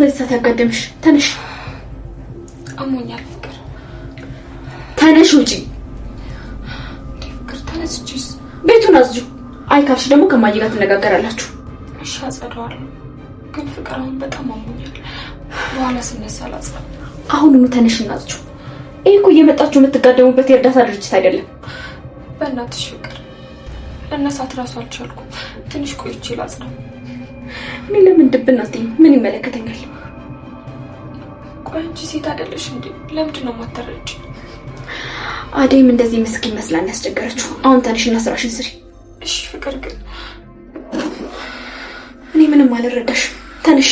በዚህ ሰዓት ያጋደምሽ? ተነሽ። አሞኛል ፍቅር። ተነሽ ውጪ። ፍቅር ተነስችስ ቤቱን አዝጁ። አይካሽ ደግሞ ከማዬ ጋር ትነጋገራላችሁ። እሺ አጸደዋለሁ። ግን ፍቅር አሁን በጣም አሞኛል። በኋላ ስነሳ ላጽ። አሁኑኑ ተነሽ እናዝጁ። ይህ እኮ እየመጣችሁ የምትጋደሙበት የእርዳታ ድርጅት አይደለም። በእናትሽ ፍቅር፣ እነሳት ራሱ አልቻልኩም። ትንሽ ቆይቼ ላጽ ነው እኔ ለምን ድብና አስጠኝ? ምን ይመለከተኛል? ቆይ አንቺ ሴት አይደለሽ እንዴ? ለምንድን ነው የማታረጅ? አደይም እንደዚህ ምስኪን መስላን ያስቸገረችው። አሁን ተነሽና ስራሽን ስሪ። እሺ ፍቅር ግን እኔ ምንም አልረዳሽም። ተነሽ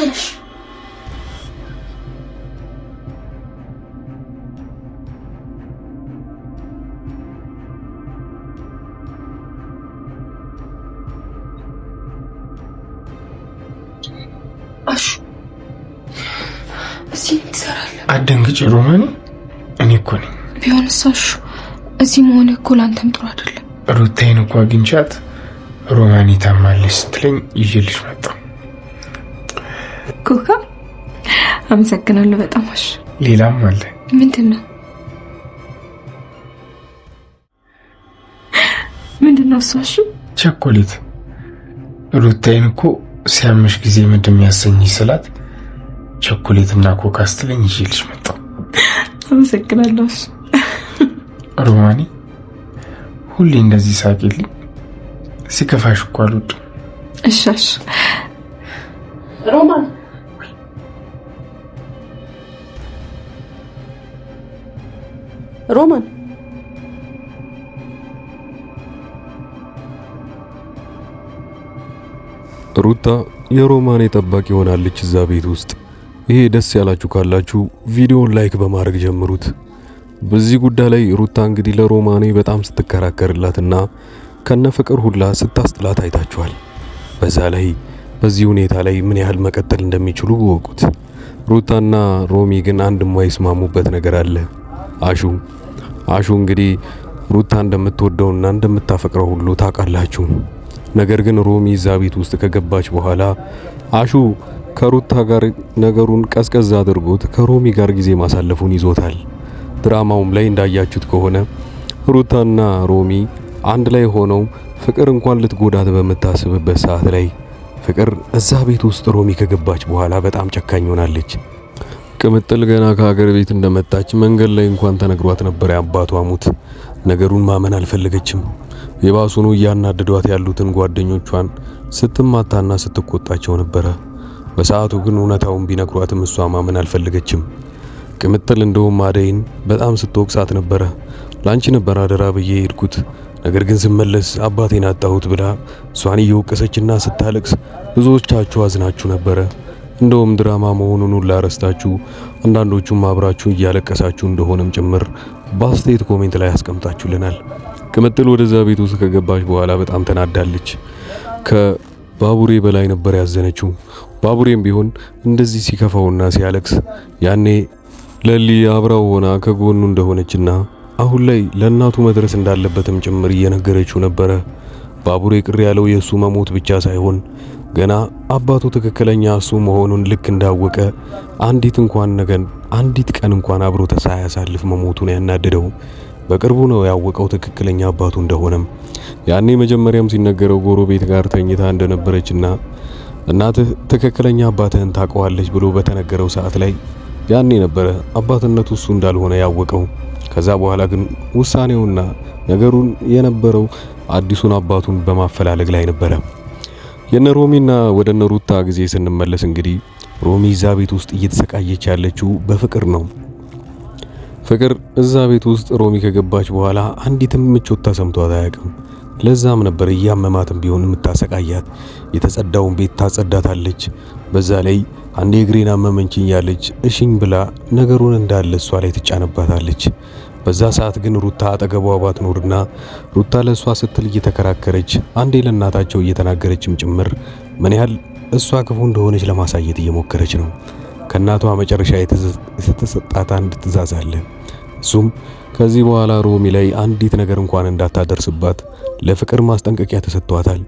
ተነሽ ሮማኒ እኔ እኮ ነኝ። ቢሆን ሳሹ እዚህ መሆን እኮ ለአንተም ጥሩ አይደለም። ሩታይን እኮ አግኝቻት ሮማኒ ታማለች ስትለኝ ይዤልሽ መጣሁ። ኮካ አመሰግናለሁ በጣም አሽ። ሌላም አለ። ምንድን ነው ምንድን ነው ሳሹ? ቸኮሌት ሩታይን እኮ ሲያምሽ ጊዜ ምድም ያሰኝ ስላት ቸኮሌትና ኮካ ስትለኝ ይዤልሽ መጣሁ። አመሰግናለሁ። ሮማኔ ሁሌ እንደዚህ ሳቂልኝ። ሲከፋሽ እኮ እሻሽ ሮማን ሮማን ሩታ የሮማኔ ጠባቂ ሆናለች እዛ ቤት ውስጥ ይሄ ደስ ያላችሁ ካላችሁ ቪዲዮውን ላይክ በማድረግ ጀምሩት። በዚህ ጉዳይ ላይ ሩታ እንግዲህ ለሮማኔ በጣም ስትከራከርላትና ከነ ፍቅር ሁላ ስታስጥላት አይታችኋል። በዛ ላይ በዚህ ሁኔታ ላይ ምን ያህል መቀጠል እንደሚችሉ ወቁት። ሩታና ሮሚ ግን አንድ የማይስማሙበት ነገር አለ። አሹ አሹ እንግዲህ ሩታ እንደምትወደውና እንደምታፈቅረው ሁሉ ታውቃላችሁ። ነገር ግን ሮሚ እዛ ቤት ውስጥ ከገባች በኋላ አሹ ከሩታ ጋር ነገሩን ቀዝቀዝ አድርጎት ከሮሚ ጋር ጊዜ ማሳለፉን ይዞታል። ድራማውም ላይ እንዳያችሁት ከሆነ ሩታና ሮሚ አንድ ላይ ሆነው ፍቅር እንኳን ልትጎዳት በምታስብበት ሰዓት ላይ ፍቅር እዛ ቤት ውስጥ ሮሚ ከገባች በኋላ በጣም ጨካኝ ሆናለች። ቅምጥል ገና ከሀገር ቤት እንደመጣች መንገድ ላይ እንኳን ተነግሯት ነበር የአባቷ ሙት ነገሩን ማመን አልፈለገችም። የባሱኑ እያናደዷት ያሉትን ጓደኞቿን ስትማታና ስትቆጣቸው ነበረ። በሰዓቱ ግን እውነታውን ቢነግሯትም እሷ ማመን አልፈለገችም። ቅምጥል እንደውም አደይን በጣም ስትወቅሳት ነበረ። ላንቺ ነበር አደራ ብዬ ሄድኩት፣ ነገር ግን ስመለስ አባቴን አጣሁት ብላ እሷን እየወቀሰችና ስታለቅስ ብዙዎቻችሁ አዝናችሁ ነበረ። እንደውም ድራማ መሆኑን ሁላ ረስታችሁ አንዳንዶቹም አብራችሁ እያለቀሳችሁ እንደሆነም ጭምር በአስተያየት ኮሜንት ላይ አስቀምጣችሁልናል። ቅምጥል ወደዛ ቤት ውስጥ ከገባች በኋላ በጣም ተናዳለች። ከባቡሬ በላይ ነበር ያዘነችው። ባቡሬም ቢሆን እንደዚህ ሲከፋውና ሲያለቅስ ያኔ ለሊ አብራው ሆና ከጎኑ እንደሆነችና አሁን ላይ ለእናቱ መድረስ እንዳለበትም ጭምር እየነገረችው ነበረ። ባቡሬ ቅር ያለው የእሱ መሞት ብቻ ሳይሆን ገና አባቱ ትክክለኛ እሱ መሆኑን ልክ እንዳወቀ አንዲት እንኳን ነገን አንዲት ቀን እንኳን አብሮ ሳያሳልፍ መሞቱን ያናደደው በቅርቡ ነው ያወቀው ትክክለኛ አባቱ እንደሆነም። ያኔ መጀመሪያም ሲነገረው ጎረቤት ጋር ተኝታ እንደነበረችና እናትህ ትክክለኛ አባትህን ታውቀዋለች ብሎ በተነገረው ሰዓት ላይ ያኔ ነበረ አባትነቱ እሱ እንዳልሆነ ያወቀው። ከዛ በኋላ ግን ውሳኔውና ነገሩን የነበረው አዲሱን አባቱን በማፈላለግ ላይ ነበረ። የነ ሮሚና ወደ እነ ሩታ ጊዜ ስንመለስ እንግዲህ ሮሚ እዛ ቤት ውስጥ እየተሰቃየች ያለችው በፍቅር ነው። ፍቅር እዛ ቤት ውስጥ ሮሚ ከገባች በኋላ አንዲትም ምቾት ተሰምቷት አያውቅም። ለዛም ነበር እያመማትም ቢሆን የምታሰቃያት። የተጸዳውን ቤት ታጸዳታለች። በዛ ላይ አንዴ እግሬን አመመንችኝ ያለች እሽኝ ብላ ነገሩን እንዳለ እሷ ላይ ትጫነባታለች። በዛ ሰዓት ግን ሩታ አጠገቧ ባትኖርና ሩታ ለእሷ ስትል እየተከራከረች አንዴ ለእናታቸው እየተናገረችም ጭምር ምን ያህል እሷ ክፉ እንደሆነች ለማሳየት እየሞከረች ነው። ከእናቷ መጨረሻ የተሰጣት አንድ ትእዛዝ አለ። እሱም ከዚህ በኋላ ሮሚ ላይ አንዲት ነገር እንኳን እንዳታደርስባት ለፍቅር ማስጠንቀቂያ ተሰጥቷታል።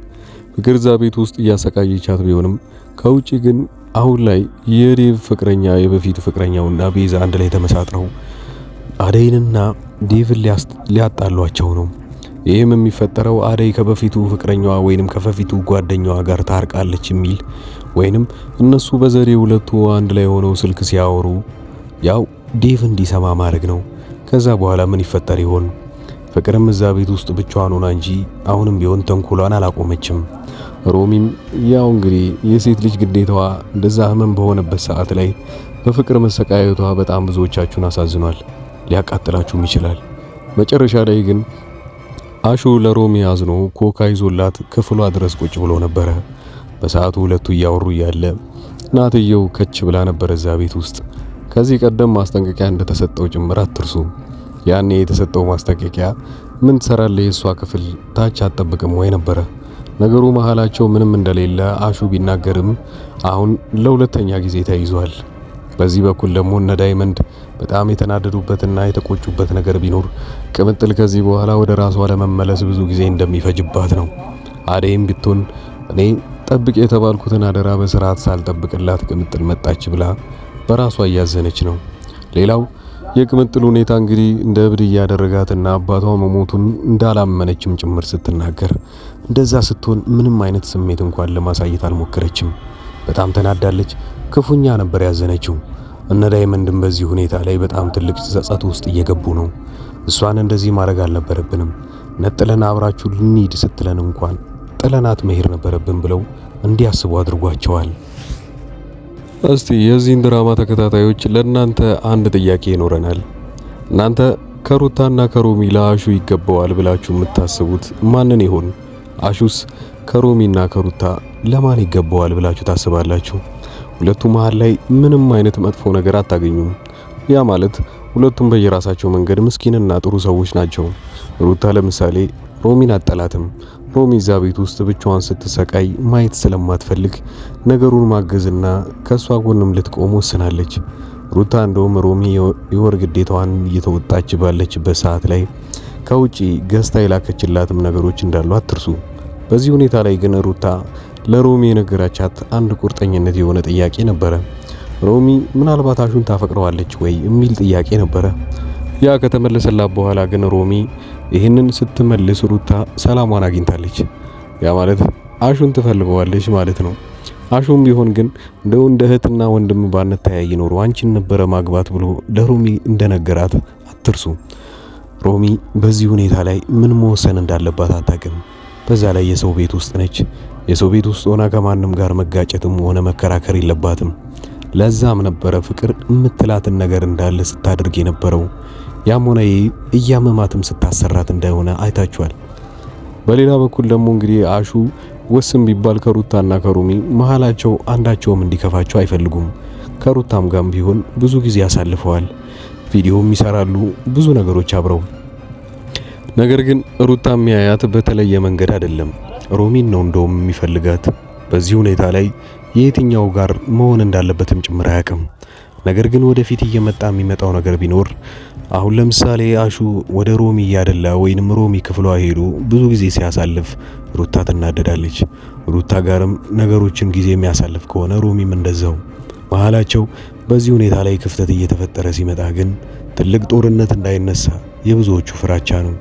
ፍቅር እዛ ቤት ውስጥ እያሰቃየቻት ቢሆንም ከውጪ ግን አሁን ላይ የዴቭ ፍቅረኛ የበፊቱ ፍቅረኛውና ቤዛ አንድ ላይ ተመሳጥረው አደይንና ዴቭን ሊያጣሏቸው ነው። ይህም የሚፈጠረው አደይ ከበፊቱ ፍቅረኛዋ ወይንም ከበፊቱ ጓደኛዋ ጋር ታርቃለች የሚል ወይንም እነሱ በዘዴ ሁለቱ አንድ ላይ ሆነው ስልክ ሲያወሩ ያው ዴቭ እንዲሰማ ማድረግ ነው። ከዛ በኋላ ምን ይፈጠር ይሆን? ፍቅርም እዛ ቤት ውስጥ ብቻዋን ሆና እንጂ አሁንም ቢሆን ተንኮሏን አላቆመችም። ሮሚም ያው እንግዲህ የሴት ልጅ ግዴታዋ እንደዛ ህመም በሆነበት ሰዓት ላይ በፍቅር መሰቃየቷ በጣም ብዙዎቻችሁን አሳዝኗል፣ ሊያቃጥላችሁም ይችላል። መጨረሻ ላይ ግን አሹ ለሮሚ አዝኖ ኮካ ይዞላት ክፍሏ ድረስ ቁጭ ብሎ ነበረ። በሰዓቱ ሁለቱ እያወሩ እያለ እናትየው ከች ብላ ነበረ እዛ ቤት ውስጥ። ከዚህ ቀደም ማስጠንቀቂያ እንደተሰጠው ጭምር አትርሱ። ያኔ የተሰጠው ማስጠንቀቂያ ምን ትሰራለህ የእሷ ክፍል ታች አትጠብቅም ወይ ነበረ። ነገሩ መሀላቸው ምንም እንደሌለ አሹ ቢናገርም አሁን ለሁለተኛ ጊዜ ተይዟል። በዚህ በኩል ደግሞ እነ ዳይመንድ በጣም የተናደዱበትና የተቆጩበት ነገር ቢኖር ቅምጥል ከዚህ በኋላ ወደ ራሷ ለመመለስ ብዙ ጊዜ እንደሚፈጅባት ነው። አደይም ብትሆን እኔ ጠብቅ የተባልኩትን አደራ በስርዓት ሳልጠብቅላት ቅምጥል መጣች ብላ በራሷ እያዘነች ነው። ሌላው የቅምጥል ሁኔታ እንግዲህ እንደ እብድ እያደረጋትና አባቷ መሞቱን እንዳላመነችም ጭምር ስትናገር፣ እንደዛ ስትሆን ምንም አይነት ስሜት እንኳን ለማሳየት አልሞከረችም። በጣም ተናዳለች። ክፉኛ ነበር ያዘነችው። እነ ዳይመንድም በዚህ ሁኔታ ላይ በጣም ትልቅ ጸጸት ውስጥ እየገቡ ነው። እሷን እንደዚህ ማድረግ አልነበረብንም፣ ነጥለን አብራችሁ ልንሂድ ስትለን እንኳን ጥለናት መሄድ ነበረብን ብለው እንዲያስቡ አድርጓቸዋል። እስቲ የዚህን ድራማ ተከታታዮች ለእናንተ አንድ ጥያቄ ይኖረናል። እናንተ ከሩታና ከሮሚ ለአሹ ይገባዋል ብላችሁ የምታስቡት ማንን ይሆን? አሹስ ከሮሚና ከሩታ ለማን ይገባዋል ብላችሁ ታስባላችሁ? ሁለቱ መሀል ላይ ምንም አይነት መጥፎ ነገር አታገኙም። ያ ማለት ሁለቱም በየራሳቸው መንገድ ምስኪንና ጥሩ ሰዎች ናቸው። ሩታ ለምሳሌ ሮሚን አጠላትም፣ ሮሚ እዛ ቤት ውስጥ ብቻዋን ስትሰቃይ ማየት ስለማትፈልግ ነገሩን ማገዝና ከእሷ ጎንም ልትቆም ወስናለች። ሩታ እንደውም ሮሚ የወር ግዴታዋን እየተወጣች ባለችበት ሰዓት ላይ ከውጪ ገዝታ የላከችላትም ነገሮች እንዳሉ አትርሱ። በዚህ ሁኔታ ላይ ግን ሩታ ለሮሚ የነገራቻት አንድ ቁርጠኝነት የሆነ ጥያቄ ነበረ። ሮሚ ምናልባት አሹን ታፈቅረዋለች ወይ የሚል ጥያቄ ነበረ። ያ ከተመለሰላት በኋላ ግን ሮሚ ይህንን ስትመልስ ሩታ ሰላሟን አግኝታለች። ያ ማለት አሹን ትፈልገዋለች ማለት ነው። አሹም ቢሆን ግን እንደው እንደ እህትና ወንድም ባነት ተያይ ኖሮ አንቺን ነበረ ማግባት ብሎ ለሮሚ እንደነገራት አትርሱ። ሮሚ በዚህ ሁኔታ ላይ ምን መወሰን እንዳለባት አታውቅም። በዛ ላይ የሰው ቤት ውስጥ ነች። የሰው ቤት ውስጥ ሆና ከማንም ጋር መጋጨትም ሆነ መከራከር የለባትም። ለዛም ነበረ ፍቅር የምትላትን ነገር እንዳለ ስታደርግ የነበረው ያም ሆነ እያመማትም ስታሰራት እንደሆነ አይታችኋል። በሌላ በኩል ደግሞ እንግዲህ አሹ ወስም ቢባል ከሩታና ከሩሚ መሃላቸው አንዳቸውም እንዲከፋቸው አይፈልጉም። ከሩታም ጋም ቢሆን ብዙ ጊዜ ያሳልፈዋል። ቪዲዮም ይሰራሉ፣ ብዙ ነገሮች አብረው። ነገር ግን ሩታ የሚያያት በተለየ መንገድ አይደለም። ሮሚን ነው እንደውም የሚፈልጋት። በዚህ ሁኔታ ላይ የየትኛው ጋር መሆን እንዳለበትም ጭምር አያውቅም። ነገር ግን ወደፊት እየመጣ የሚመጣው ነገር ቢኖር አሁን ለምሳሌ አሹ ወደ ሮሚ እያደላ ወይንም ሮሚ ክፍሏ ሄዶ ብዙ ጊዜ ሲያሳልፍ ሩታ ትናደዳለች። ሩታ ጋርም ነገሮችን ጊዜ የሚያሳልፍ ከሆነ ሮሚም እንደዛው። መሀላቸው በዚህ ሁኔታ ላይ ክፍተት እየተፈጠረ ሲመጣ ግን ትልቅ ጦርነት እንዳይነሳ የብዙዎቹ ፍራቻ ነው።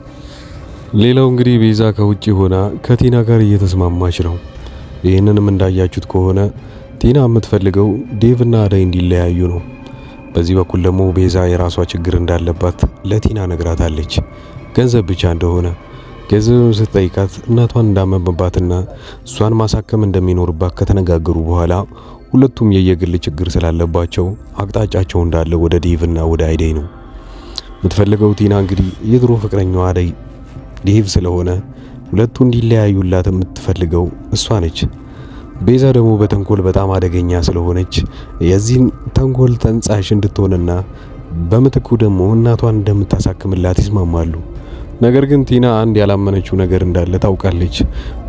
ሌላው እንግዲህ ቤዛ ከውጭ ሆና ከቲና ጋር እየተስማማች ነው። ይህንንም እንዳያችሁት ከሆነ ቲና የምትፈልገው ዴቭና አደይ እንዲለያዩ ነው። በዚህ በኩል ደግሞ ቤዛ የራሷ ችግር እንዳለባት ለቲና ነግራታለች። ገንዘብ ብቻ እንደሆነ ገንዘብም ስትጠይቃት እናቷን እንዳመመባትና እሷን ማሳከም እንደሚኖርባት ከተነጋገሩ በኋላ ሁለቱም የየግል ችግር ስላለባቸው አቅጣጫቸው እንዳለ ወደ ዴቭና ወደ አደይ ነው የምትፈልገው። ቲና እንግዲህ የድሮ ፍቅረኛው አደይ ዴቭ ስለሆነ ሁለቱ እንዲለያዩላት የምትፈልገው እሷ ነች። ቤዛ ደግሞ በተንኮል በጣም አደገኛ ስለሆነች የዚህን ተንኮል ተንጻሽ እንድትሆንና በምትኩ ደግሞ እናቷን እንደምታሳክምላት ይስማማሉ። ነገር ግን ቲና አንድ ያላመነችው ነገር እንዳለ ታውቃለች።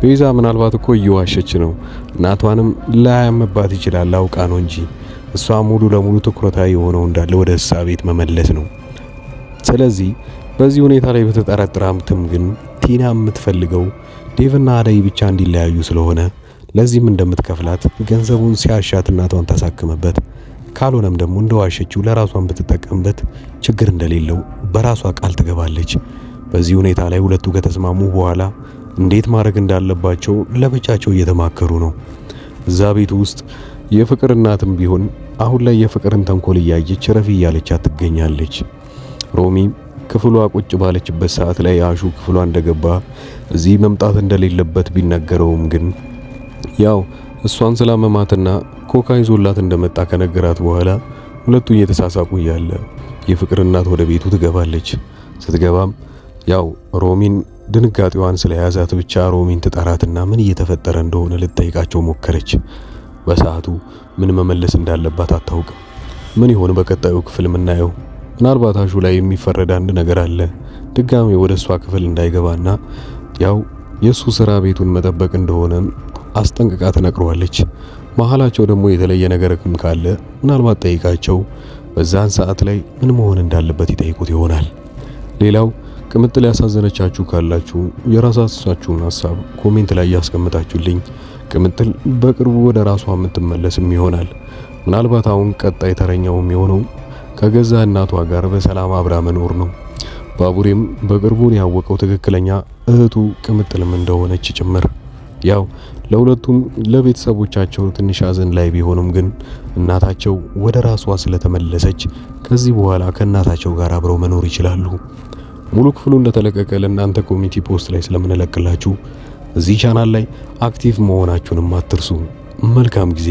ቤዛ ምናልባት እኮ እየዋሸች ነው፣ እናቷንም ላያምባት ይችላል አውቃ ነው እንጂ እሷ ሙሉ ለሙሉ ትኩረታ የሆነው እንዳለ ወደ እሷ ቤት መመለስ ነው። ስለዚህ በዚህ ሁኔታ ላይ በተጠረጠራምትም ግን ቲና የምትፈልገው ዴቭና አደይ ብቻ እንዲለያዩ ስለሆነ ለዚህም እንደምትከፍላት ገንዘቡን ሲያሻት እናቷን ታሳክምበት፣ ካልሆነም ደግሞ እንደዋሸችው ለራሷን ብትጠቀምበት ችግር እንደሌለው በራሷ ቃል ትገባለች። በዚህ ሁኔታ ላይ ሁለቱ ከተስማሙ በኋላ እንዴት ማድረግ እንዳለባቸው ለብቻቸው እየተማከሩ ነው። እዛ ቤት ውስጥ የፍቅር እናትም ቢሆን አሁን ላይ የፍቅርን ተንኮል እያየች ረፊ እያለቻ ትገኛለች። ሮሚ ክፍሏ ቁጭ ባለችበት ሰዓት ላይ አሹ ክፍሏ እንደገባ እዚህ መምጣት እንደሌለበት ቢነገረውም ግን ያው እሷን ስላመማትና ኮካ ይዞላት እንደመጣ ከነገራት በኋላ ሁለቱ እየተሳሳቁ እያለ የፍቅር እናት ወደ ቤቱ ትገባለች። ስትገባም ያው ሮሚን ድንጋጤዋን ስለያዛት ብቻ ሮሚን ትጠራትና ምን እየተፈጠረ እንደሆነ ልጠይቃቸው ሞከረች። በሰዓቱ ምን መመለስ እንዳለባት አታውቅም። ምን ይሆን በቀጣዩ ክፍል የምናየው? ምናልባት አሹ ላይ የሚፈረድ አንድ ነገር አለ። ድጋሜ ወደ እሷ ክፍል እንዳይገባና ያው የእሱ ስራ ቤቱን መጠበቅ እንደሆነ አስጠንቅቃ ተነግረዋለች። መሀላቸው ደግሞ የተለየ ነገር ካለ ምናልባት ጠይቃቸው በዛን ሰዓት ላይ ምን መሆን እንዳለበት ይጠይቁት ይሆናል። ሌላው ቅምጥል ያሳዘነቻችሁ ካላችሁ የራሳችሁን ሀሳብ ኮሜንት ላይ ያስቀምጣችሁልኝ። ቅምጥል በቅርቡ ወደ ራሷ የምትመለስም ይሆናል። ምናልባት አሁን ቀጣይ ተረኛውም የሆነው ከገዛ እናቷ ጋር በሰላም አብራ መኖር ነው። ባቡሬም በቅርቡን ያወቀው ትክክለኛ እህቱ ቅምጥልም እንደሆነች ጭምር ያው ለሁለቱም ለቤተሰቦቻቸው ትንሽ አዘን ላይ ቢሆኑም ግን እናታቸው ወደ ራሷ ስለተመለሰች ከዚህ በኋላ ከእናታቸው ጋር አብረው መኖር ይችላሉ። ሙሉ ክፍሉ እንደተለቀቀ ለእናንተ ኮሚቲ ፖስት ላይ ስለምንለቅላችሁ እዚህ ቻናል ላይ አክቲቭ መሆናችሁንም አትርሱ። መልካም ጊዜ